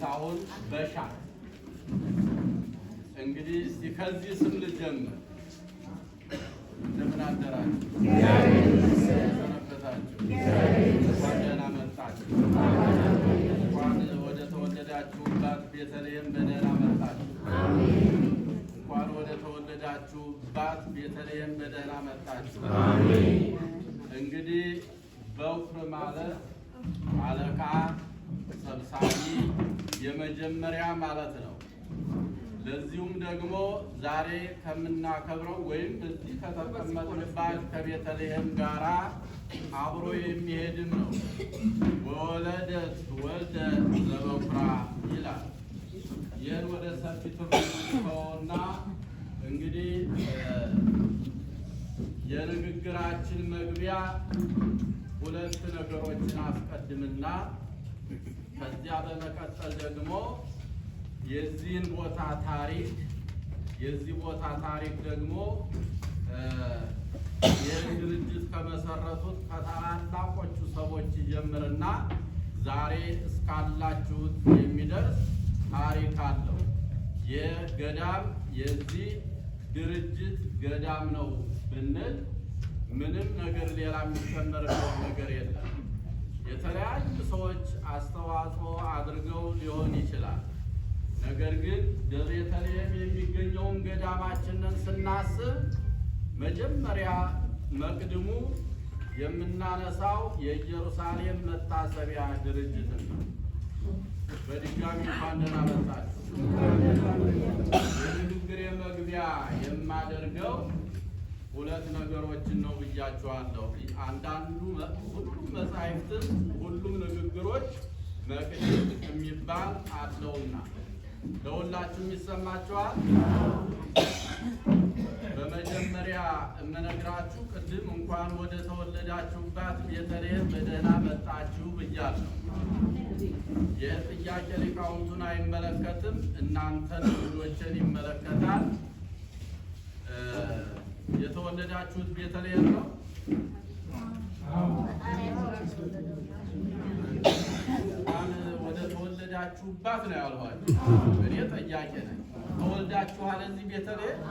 ፍስሐውን በሻ እንግዲህ እስቲ ከዚህ ስም ልጀምር። እንደምን አደራችሁ? ደህና መጣችሁ። እንኳን ወደ ተወለዳችሁባት ቤተልሔም በደህና መጣችሁ። እንኳን ወደ ተወለዳችሁባት ቤተልሔም በደህና መጣችሁ። እንግዲህ በኩር ማለት አለቃ የመጀመሪያ ማለት ነው። ለዚሁም ደግሞ ዛሬ ከምናከብረው ወይም እዚህ ከተቀመጥንባት ከቤተልሔም ጋራ አብሮ የሚሄድም ነው። ወለደት ወልደ ዘበኩራ ይላል። ይህን ወደ ሰፊ ትርጉምና እንግዲህ የንግግራችን መግቢያ ሁለት ነገሮችን አስቀድምና ከዚያ በመቀጠል ደግሞ የዚህን ቦታ ታሪክ የዚህ ቦታ ታሪክ ደግሞ ይህን ድርጅት ከመሰረቱት ከታላላቆቹ ሰዎች ይጀምርና ዛሬ እስካላችሁት የሚደርስ ታሪክ አለው። የገዳም የዚህ ድርጅት ገዳም ነው ብንል ምንም ነገር ሌላ የሚጨመርበት ነገር የለም። የተለያዩ ሰዎች አስተዋጽኦ አድርገው ሊሆን ይችላል። ነገር ግን በቤተልሔም የሚገኘውን ገዳማችንን ስናስብ መጀመሪያ መቅድሙ የምናነሳው የኢየሩሳሌም መታሰቢያ ድርጅት ነው። በድጋሚ እንኳን ደህና መጣችሁ። መግቢያ የማደርገው ሁለት ነገሮችን ነው ብያችኋለሁ። አንዳንዱ ሁሉም መጻሕፍትን ሁሉም ንግግሮች መቅደስ የሚባል አለውና ለሁላችሁም ይሰማችኋል። በመጀመሪያ የምነግራችሁ ቅድም እንኳን ወደ ተወለዳችሁባት ቤተልሔም በደህና መጣችሁ ብያለሁ። የጥያቄ ሊቃውንቱን አይመለከትም፣ እናንተን ልጆችን ይመለከታል። የተወለዳችሁት ቤተልሔም ነው። ወደ ተወለዳችሁባት ነው ያልኋችሁ። እኔ ጠያቄ ነኝ። ተወልዳችኋል እዚህ ቤተልሔም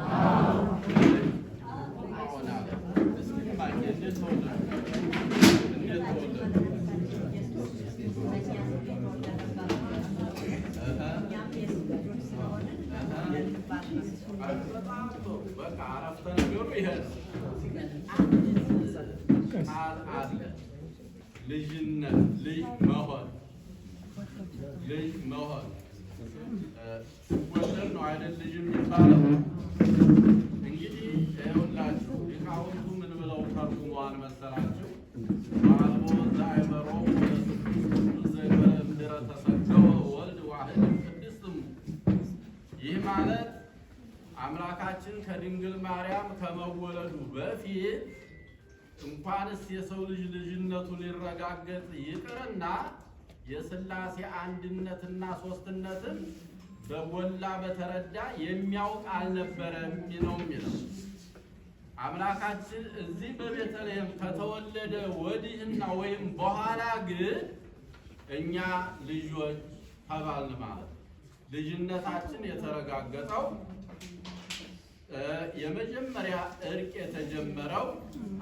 بس عرفت انا بيوريها عادي لجنة لمهر لمهر ሲወሰድ ነው አይደል? ልጅ የሚባለው እንግዲህ ይኸውላችሁ ሊቃውንቱ ምን ብለው ተርጉመዋል መሰላችሁ? ባልቦ ዘአይበሮ ዘይበረ ምድረ ተሰገወ ወልድ ዋህድ ቅድስትሙ ይህ ማለት ከድንግል ማርያም ከመወለዱ በፊት እንኳንስ የሰው ልጅ ልጅነቱ ሊረጋገጥ ይቅርና የሥላሴ አንድነትና ሦስትነትን በጎላ በተረዳ የሚያውቅ አልነበረም ነው የሚለው። አምላካችን እዚህ በቤተልሔም ከተወለደ ወዲህና ወይም በኋላ ግን እኛ ልጆች ተባልን ማለት ልጅነታችን የተረጋገጠው የመጀመሪያ እርቅ የተጀመረው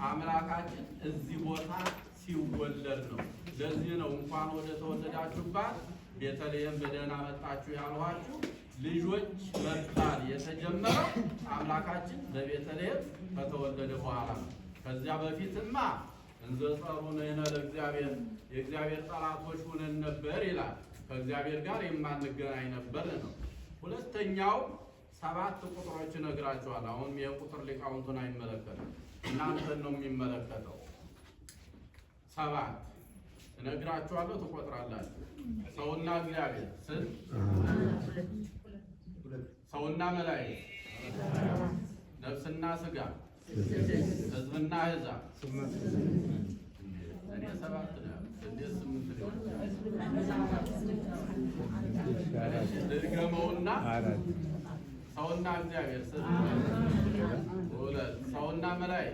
አምላካችን እዚህ ቦታ ሲወለድ ነው። ለዚህ ነው እንኳን ወደ ተወለዳችሁባት ቤተልሔም በደህና መጣችሁ ያልኋችሁ። ልጆች መባል የተጀመረው አምላካችን በቤተልሔም ከተወለደ በኋላ ነው። ከዚያ በፊትማ እንዘጸሩ ነነ ለእግዚአብሔር የእግዚአብሔር ጠላቶች ሁነን ነበር ይላል። ከእግዚአብሔር ጋር የማንገናኝ ነበር ነው። ሁለተኛው ሰባት ቁጥሮች ነግራችኋል። አሁንም የቁጥር ሊቃውንቱን አይመለከትም፣ እናንተን ነው የሚመለከተው። ሰባት እነግራችኋለሁ፣ ትቆጥራላችሁ። ሰውና እግዚአብሔር ስንት? ሰውና መላእክት፣ ነፍስና ስጋ፣ ህዝብና ህዛ እኔ ሰባት ነው። ሰውና እግዚአብሔር ስንት ሁለት ሰውና መላይ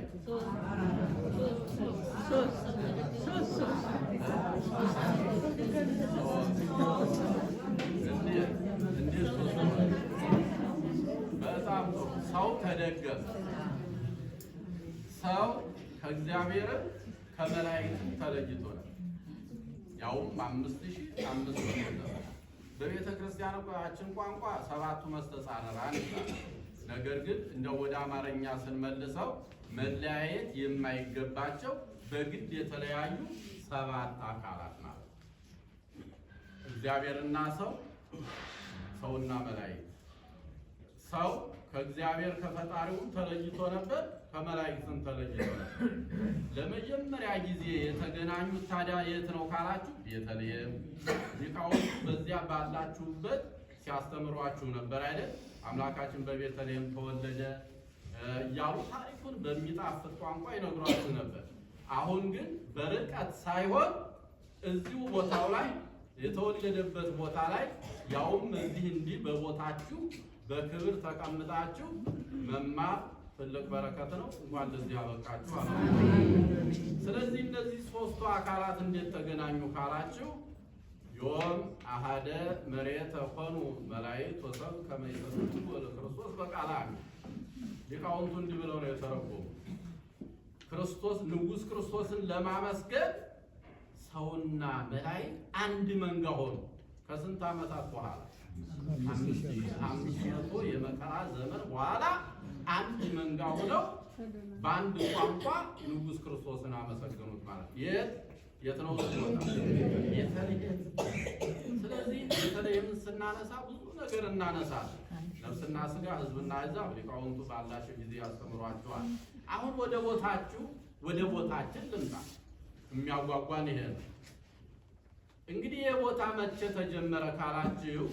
በጣም ሰው ተደገመ። ሰው ከእግዚአብሔር ከመላይ ተለይቶ ነው ያውም አምስት ሺህ አምስት መቶ በቤተ ክርስቲያናችን ቋንቋ ሰባቱ መስተጻንራን ይባላል። ነገር ግን እንደ ወደ አማርኛ ስንመልሰው መለያየት የማይገባቸው በግድ የተለያዩ ሰባት አካላት ናቸው። እግዚአብሔርና ሰው፣ ሰውና መላእክት። ሰው ከእግዚአብሔር ከፈጣሪው ተለይቶ ነበር። ከመላእክትን ተለይተዋል። ለመጀመሪያ ጊዜ የተገናኙት ታዲያ የት ነው ካላችሁ፣ ቤተልሔም። ሊቃውንቱ በዚያ ባላችሁበት ሲያስተምሯችሁ ነበር አይደል? አምላካችን በቤተልሔም ተወለደ እያሉ ታሪኩን በሚጣፍጥ ቋንቋ ይነግሯችሁ ነበር። አሁን ግን በርቀት ሳይሆን እዚሁ ቦታው ላይ የተወለደበት ቦታ ላይ ያውም እዚህ እንዲህ በቦታችሁ በክብር ተቀምጣችሁ መማር ትልቅ በረከት ነው። እንኳን ለዚህ ያበቃችሁ። ስለዚህ እነዚህ ሶስቱ አካላት እንዴት ተገናኙ ካላችሁ ዮም አሃደ መሬተ ሆኑ መላእክት ወሰብ ከመይሰቱ ወለ ክርስቶስ በቃላ ሊቃውንቱ እንዲህ ብለው ነው የተረጎሙ። ክርስቶስ ንጉሥ ክርስቶስን ለማመስገን ሰውና መላእክት አንድ መንጋ ሆኑ። ከስንት ዓመታት በኋላ አምስት መቶ የመከራ ዘመን በኋላ አንድ መንጋ ሆነው በአንድ ቋንቋ ንጉሥ ክርስቶስን አመሰገኑት ማለት የት የት ነው የተለየ ስለዚህ የተለየም ስናነሳ ብዙ ነገር እናነሳለን ነፍስና ስጋ ህዝብና አሕዛብ ሊቃውንቱ ባላቸው ጊዜ ያስተምሯቸዋል አሁን ወደ ቦታችሁ ወደ ቦታችን ልምጣ የሚያጓጓን ይሄ ነው እንግዲህ የቦታ መቼ ተጀመረ ካላችሁ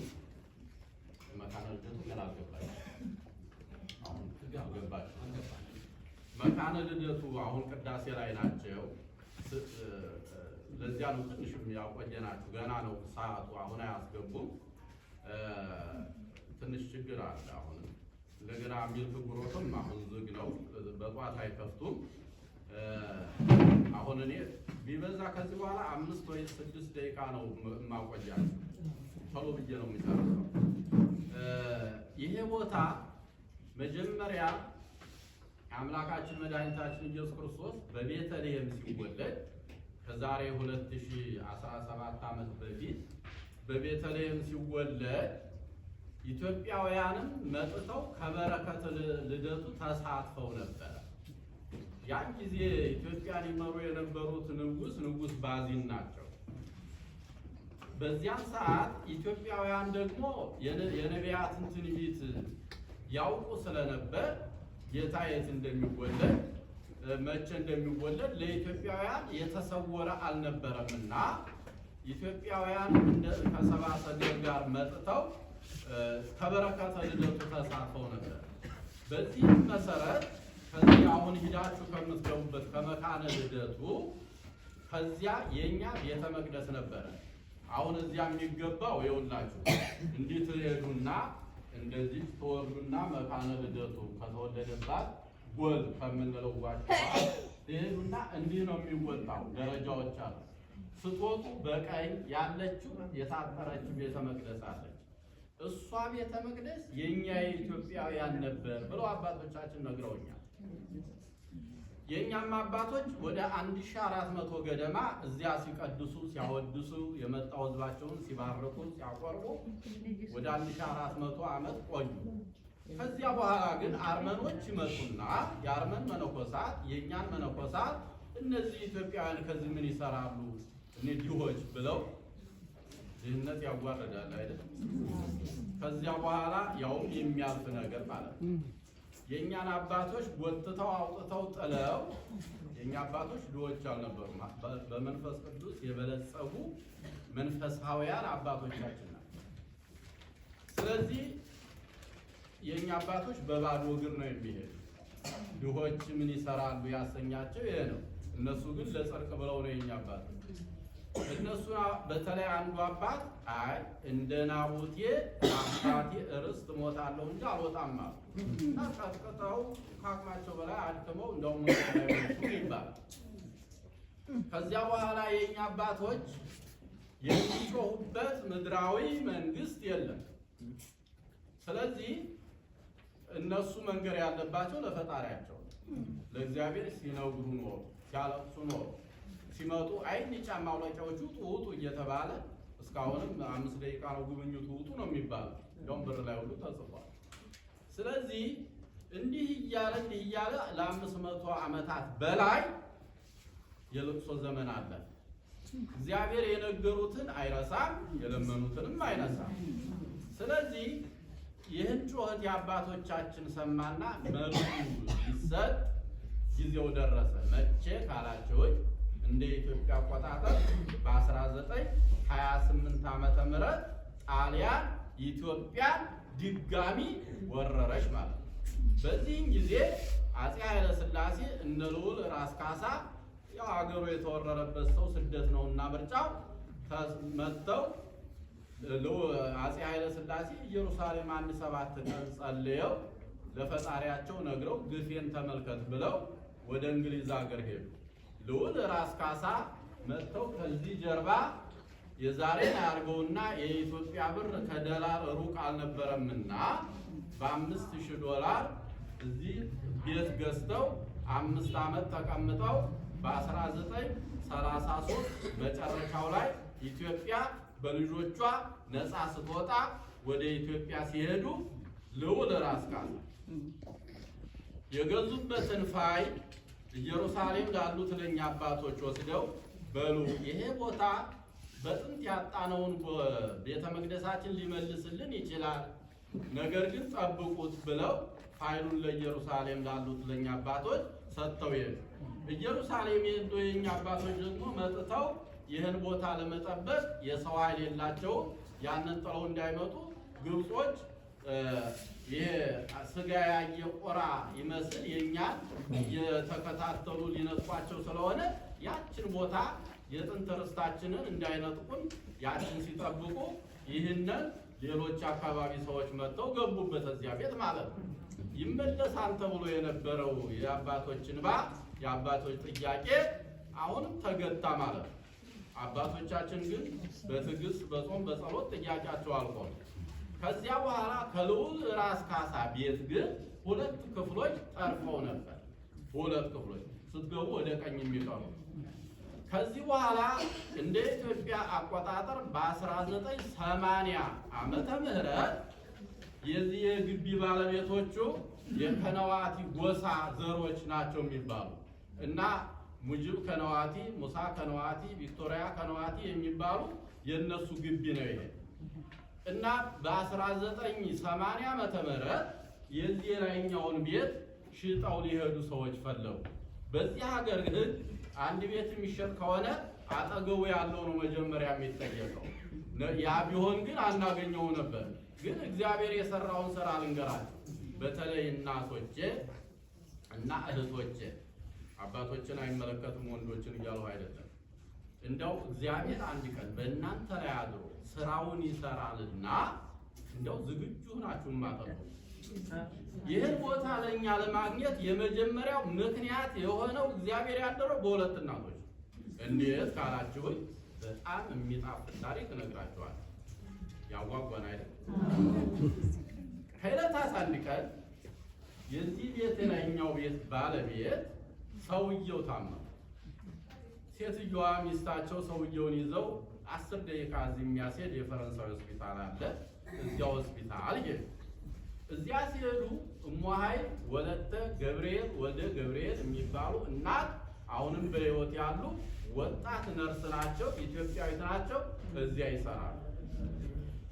መካነ ልደቱ ገና መካነ ልደቱ አሁን ቅዳሴ ላይ ናቸው። ለዚያ ነው ትንሽም ያቆየናችሁ። ገና ነው ሰዓቱ፣ አሁን አያስገቡም። ትንሽ ችግር አለ። አሁን እንደገና ሚልክ ጉሮትም አሁን ዝግ ነው፣ በጠዋት አይከፍቱም። አሁን እኔ ቢበዛ ከዚህ በኋላ አምስት ወይ ስድስት ደቂቃ ነው የማቆያ፣ ቶሎ ብዬ ነው የሚጠርሰው ይሄ ቦታ መጀመሪያ አምላካችን መድኃኒታችን ኢየሱስ ክርስቶስ በቤተልሔም ሲወለድ ከዛሬ 2017 ዓመት በፊት በቤተልሔም ሲወለድ ኢትዮጵያውያንም መጥተው ከበረከት ልደቱ ተሳትፈው ነበረ። ያን ጊዜ ኢትዮጵያን ይመሩ የነበሩት ንጉስ ንጉስ ባዚን ናቸው። በዚያን ሰዓት ኢትዮጵያውያን ደግሞ የነቢያትን ትንቢት ያውቁ ስለነበር ጌታ የት እንደሚወለድ መቼ እንደሚወለድ ለኢትዮጵያውያን የተሰወረ አልነበረምና ኢትዮጵያውያን ከሰባ ሰገል ጋር መጥተው ከበረከተ ልደቱ ተሳትፈው ነበር። በዚህም መሰረት ከዚህ አሁን ሂዳችሁ ከምትገቡበት ከመካነ ልደቱ ከዚያ የእኛ ቤተ መቅደስ ነበረ። አሁን እዚያ የሚገባው ይኸውላችሁ እንዲህ እንደዚህ ተወልዱና መካነ ልደቱ ከተወለደባት ጎል ከምንለው ጓቸው ይሄዱና እንዲህ ነው የሚወጣው። ደረጃዎች አሉ። ስጦቱ በቀኝ ያለችው የታጠረችው ቤተ መቅደስ አለች። እሷ ቤተ መቅደስ የእኛ የኢትዮጵያውያን ነበር ብለው አባቶቻችን ነግረውኛል። የእኛም አባቶች ወደ 1400 ገደማ እዚያ ሲቀድሱ ሲያወድሱ የመጣው ህዝባቸውን ሲባርኩ ሲያቆርቡ ወደ 1400 ዓመት ቆዩ። ከዚያ በኋላ ግን አርመኖች ይመጡና የአርመን መነኮሳት የእኛን መነኮሳት እነዚህ ኢትዮጵያውያን ከዚህ ምን ይሰራሉ እኔ ድሆች ብለው ድህነት ያዋረዳል አይደል? ከዚያ በኋላ ያውም የሚያልፍ ነገር ማለት ነው የእኛን አባቶች ጎትተው አውጥተው ጥለው የእኛ አባቶች ድሆች አልነበሩም። በመንፈስ ቅዱስ የበለጸጉ መንፈሳውያን አባቶቻችን ናቸው። ስለዚህ የእኛ አባቶች በባዶ እግር ነው የሚሄዱ። ድሆች ምን ይሰራሉ ያሰኛቸው ይሄ ነው። እነሱ ግን ለጽድቅ ብለው ነው የእኛ አባቶች እነሱን በተለይ አንዱ አባት አይ እንደ ናቡቴ አባቴ እርስ ሞታለሁ እንጂ አልወጣም አሉ። ቀጥቅጠው ከአቅማቸው በላይ አድክመው እንደውም ይባል። ከዚያ በኋላ የእኛ አባቶች የሚጮሁበት ምድራዊ መንግስት የለም። ስለዚህ እነሱ መንገር ያለባቸው ለፈጣሪያቸው ለእግዚአብሔር ሲነግሩ ኖሩ፣ ሲያለቅሱ ኖሩ። ሲመጡ አይን ጫማ አውላቂዎቹ ውጡ እየተባለ እስካሁንም አምስት ደቂቃ ነው ጉብኝቱ፣ ውጡ ነው የሚባለው። እንደውም ብር ላይ ሁሉ ተጽፏል። ስለዚህ እንዲህ እያለ እንዲህ እያለ ለአምስት መቶ ዓመታት በላይ የልቅሶ ዘመን አለ። እግዚአብሔር የነገሩትን አይረሳም፣ የለመኑትንም አይነሳም። ስለዚህ ይህን ጩኸት የአባቶቻችን ሰማና መልኩ ይሰጥ ጊዜው ደረሰ። መቼ ካላችሁኝ እንደ ኢትዮጵያ አቆጣጠር በ1928 ዓመተ ምህረት ጣሊያን ኢትዮጵያ ድጋሚ ወረረች ማለት ነው። በዚህም ጊዜ አፄ ኃይለ ስላሴ እነ ልዑል ራስ ካሳ ያው አገሩ የተወረረበት ሰው ስደት ነው እና ምርጫው መጥተው አጼ ኃይለ ስላሴ ኢየሩሳሌም አንድ ሰባት ቀን ጸልየው ለፈጣሪያቸው ነግረው ግፌን ተመልከት ብለው ወደ እንግሊዝ ሀገር ሄዱ። ልዑል ራስ ካሳ መጥተው ከዚህ ጀርባ የዛሬን አያርገውና የኢትዮጵያ ብር ከደላር ሩቅ አልነበረምና በአምስት ሺህ ዶላር እዚህ ቤት ገዝተው አምስት ዓመት ተቀምጠው በ1933 መጨረሻው ላይ ኢትዮጵያ በልጆቿ ነፃ ስትወጣ ወደ ኢትዮጵያ ሲሄዱ ልዑል ራስ ካሳ የገዙበትን ፋይ ኢየሩሳሌም ላሉት ለእኛ አባቶች ወስደው በሉ ይሄ ቦታ በጥንት ያጣነውን ቤተ መቅደሳችን ሊመልስልን ይችላል፣ ነገር ግን ጠብቁት ብለው ፋይሉን ለኢየሩሳሌም ላሉት ለእኛ አባቶች ሰጥተው ይሄዱ። ኢየሩሳሌም የሄዱ የኛ አባቶች ደግሞ መጥተው ይህን ቦታ ለመጠበቅ የሰው ኃይል የላቸውም። ያንን ጥለው እንዳይመጡ ግብጾች ስጋ ያየ ቆራ ይመስል የእኛን የተከታተሉ ሊነጥቋቸው ስለሆነ ያችን ቦታ የጥንት ርስታችንን እንዳይነጥቁን ያችን ሲጠብቁ ይህንን ሌሎች አካባቢ ሰዎች መጥተው ገቡበት እዚያ ቤት ማለት ነው። ይመለሳል ተብሎ የነበረው የአባቶች እንባ የአባቶች ጥያቄ አሁንም ተገታ ማለት ነው። አባቶቻችን ግን በትዕግስት በጾም በጸሎት ጥያቄያቸው አልቆ ከዚያ በኋላ ከልዑል ራስ ካሳ ቤት ግን ሁለት ክፍሎች ጠርፈው ነበር። ሁለት ክፍሎች ስትገቡ ወደ ቀኝ የሚቀሩ ከዚህ በኋላ እንደ ኢትዮጵያ አቆጣጠር በ1980 ዓመተ ምህረት የዚህ የግቢ ባለቤቶቹ የከነዋቲ ጎሳ ዘሮች ናቸው የሚባሉ እና ሙጅብ ከነዋቲ፣ ሙሳ ከነዋቲ፣ ቪክቶሪያ ከነዋቲ የሚባሉ የእነሱ ግቢ ነው ይሄ እና በ1980 ዓመተ ምህረት የዚህ የላይኛውን ቤት ሽጠው ሊሄዱ ሰዎች ፈለጉ። በዚህ ሀገር ግን አንድ ቤት የሚሸጥ ከሆነ አጠገቡ ያለው ነው መጀመሪያ የሚጠየቀው። ያ ቢሆን ግን አናገኘው ነበር። ግን እግዚአብሔር የሰራውን ስራ ልንገራችሁ። በተለይ እናቶቼ እና እህቶቼ፣ አባቶችን አይመለከትም ወንዶችን እያልሁ አይደለም እንደው እግዚአብሔር አንድ ቀን በእናንተ ላይ አድሮ ስራውን ይሰራልና እንደው ዝግጁ ናችሁ ማጠቁ። ይህን ቦታ ለእኛ ለማግኘት የመጀመሪያው ምክንያት የሆነው እግዚአብሔር ያደረው በሁለት እናቶች። እንዴት ካላችሁኝ በጣም የሚጣፍጥ ታሪክ እነግራችኋለሁ። ያጓጓን አይደል? ከዕለታት አንድ ቀን የዚህ ቤት ላይኛው ቤት ባለቤት ሰውየው ታመመ። ሴትዮዋ ሚስታቸው ሰውየውን ይዘው አስር ደቂቃ እዚህ የሚያስሄድ የፈረንሳይ ሆስፒታል አለ። እዚያ ሆስፒታል ይሄዱ። እዚያ ሲሄዱ እሞሀይ ወለተ ገብርኤል ወልደ ገብርኤል የሚባሉ እናት አሁንም በህይወት ያሉ ወጣት ነርስ ናቸው፣ ኢትዮጵያዊት ናቸው። እዚያ ይሰራሉ።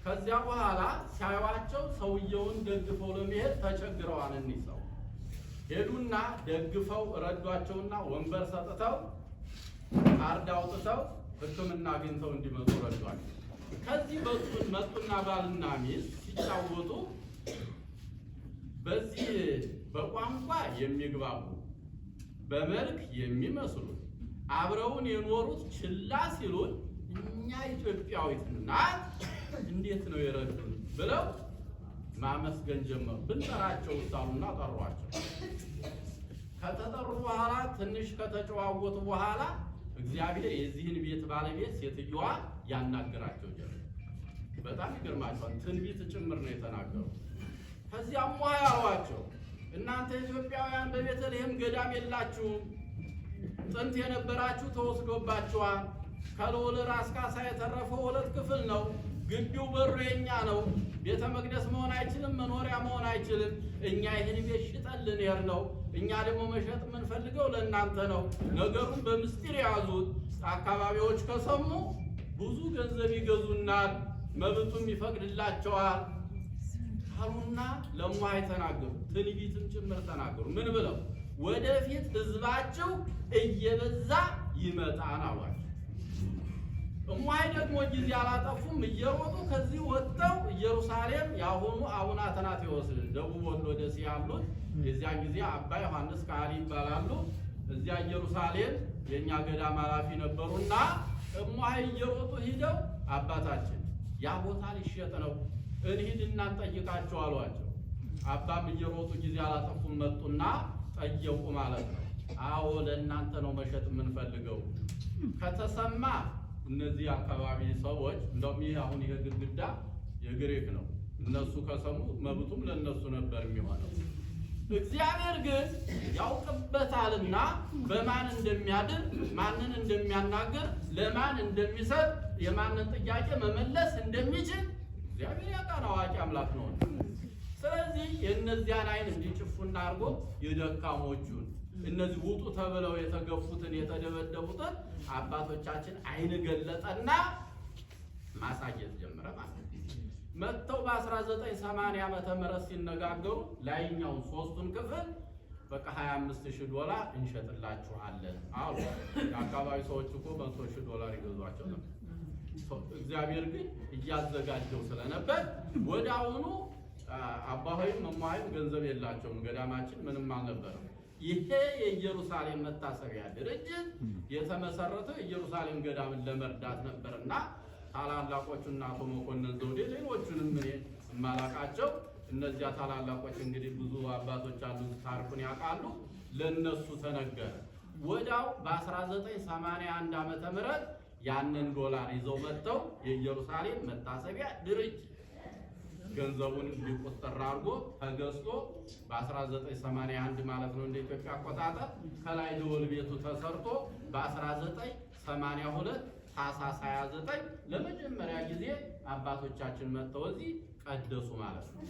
ከዚያ በኋላ ሲያዩቸው ሰውየውን ደግፈው ለመሄድ ተቸግረዋል። እኒህ ሰው ሄዱና ደግፈው ረዷቸውና ወንበር ሰጥተው ካርድ አውጥተው ሕክምና አግኝተው እንዲመጡ ረዷል። ከዚህ መጡና ባልና ሚስት ሲጫወቱ በዚህ በቋንቋ የሚግባቡ በመልክ የሚመስሉን አብረውን የኖሩት ችላ ሲሉን እኛ ኢትዮጵያዊት ናት እንዴት ነው የረዱን ብለው ማመስገን ጀመሩ። ብንጠራቸው ሳሉና ጠሯቸው። ከተጠሩ በኋላ ትንሽ ከተጨዋወቱ በኋላ እግዚአብሔር የዚህን ቤት ባለቤት ሴትዮዋ ያናገራቸው ጀመረ። በጣም ይገርማቸዋል። ትንቢት ጭምር ነው የተናገሩ። ከዚያም በኋላ አሏቸው፣ እናንተ ኢትዮጵያውያን በቤተልሔም ገዳም የላችሁም። ጥንት የነበራችሁ ተወስዶባችኋል። ከልዑል ራስ ካሳ የተረፈው ሁለት ክፍል ነው። ግቢው በሩ የኛ ነው። ቤተ መቅደስ መሆን አይችልም፣ መኖሪያ መሆን አይችልም። እኛ ይህን ቤት ሽጠን ልንሄድ ነው እኛ ደግሞ መሸጥ የምንፈልገው ለእናንተ ነው። ነገሩን በምስጢር ያዙት። አካባቢዎች ከሰሙ ብዙ ገንዘብ ይገዙናል፣ መብቱም ይፈቅድላቸዋል አሉና ለሙሃ ተናገሩ፣ ትንቢትም ጭምር ተናገሩ። ምን ብለው ወደፊት ህዝባቸው እየበዛ ይመጣል አሏቸው። እማይ ደግሞ ጊዜ አላጠፉም። እየሮጡ ከዚህ ወጥተው ኢየሩሳሌም ያሁኑ አቡነ አትናቴዎስ ደቡብ ወሎ ደሴ ያሉት የዚያን ጊዜ አባ ዮሐንስ ካሪ ይባላሉ። እዚያ ኢየሩሳሌም የእኛ ገዳም ኃላፊ ነበሩና እማይ እየሮጡ ሂደው አባታችን ያ ቦታ ሊሸጥ ነው እንሂድና ጠይቃቸው አሏቸው። አባም እየሮጡ ጊዜ አላጠፉም መጡና ጠየቁ ማለት ነው። አዎ ለእናንተ ነው መሸጥ የምንፈልገው ከተሰማ እነዚህ አካባቢ ሰዎች እንደውም ይህ አሁን ይሄ ግድግዳ የግሪክ ነው እነሱ ከሰሙ መብቱም ለነሱ ነበር የሚሆነው። እግዚአብሔር ግን ያውቅበታልና በማን እንደሚያድር ማንን እንደሚያናገር ለማን እንደሚሰጥ የማንን ጥያቄ መመለስ እንደሚችል እግዚአብሔር ያውቃል። አዋቂ አምላክ ነው። ስለዚህ የእነዚያን አይን እንዲጭፉና አድርጎ የደካሞቹን እነዚህ ውጡ ተብለው የተገፉትን የተደበደቡትን አባቶቻችን አይን ገለጠና ማሳየት ጀመረ ማለት ነው። መጥተው በ1980 ዓ ም ሲነጋገሩ ላይኛውን ሶስቱን ክፍል በቃ 25 ሺህ ዶላር እንሸጥላችኋለን አሉ። የአካባቢ ሰዎች እኮ መቶ ሺህ ዶላር ይገዟቸው ነበር። እግዚአብሔር ግን እያዘጋጀው ስለነበር ወደ አሁኑ አባሆይም መማሃይም ገንዘብ የላቸውም። ገዳማችን ምንም አልነበረም። ይሄ የኢየሩሳሌም መታሰቢያ ድርጅት የተመሰረተው ኢየሩሳሌም ገዳምን ለመርዳት ነበርና ታላላቆቹና አቶ መኮንን ዘውዴ ሌሎቹንም እኔ የማላቃቸው እነዚያ ታላላቆች እንግዲህ ብዙ አባቶች አሉ፣ ታሪኩን ያውቃሉ። ለነሱ ተነገረ። ወዳው በ1981 ዓመተ ምህረት ያንን ዶላር ይዘው መጥተው የኢየሩሳሌም መታሰቢያ ድርጅት ገንዘቡን እንዲቆጠር አድርጎ ተገዝቶ በ1981 ማለት ነው እንደ ኢትዮጵያ አቆጣጠር ከላይ ደወል ቤቱ ተሰርቶ በ1982 ታኅሳስ 29 ለመጀመሪያ ጊዜ አባቶቻችን መጥተው እዚህ ቀደሱ ማለት ነው።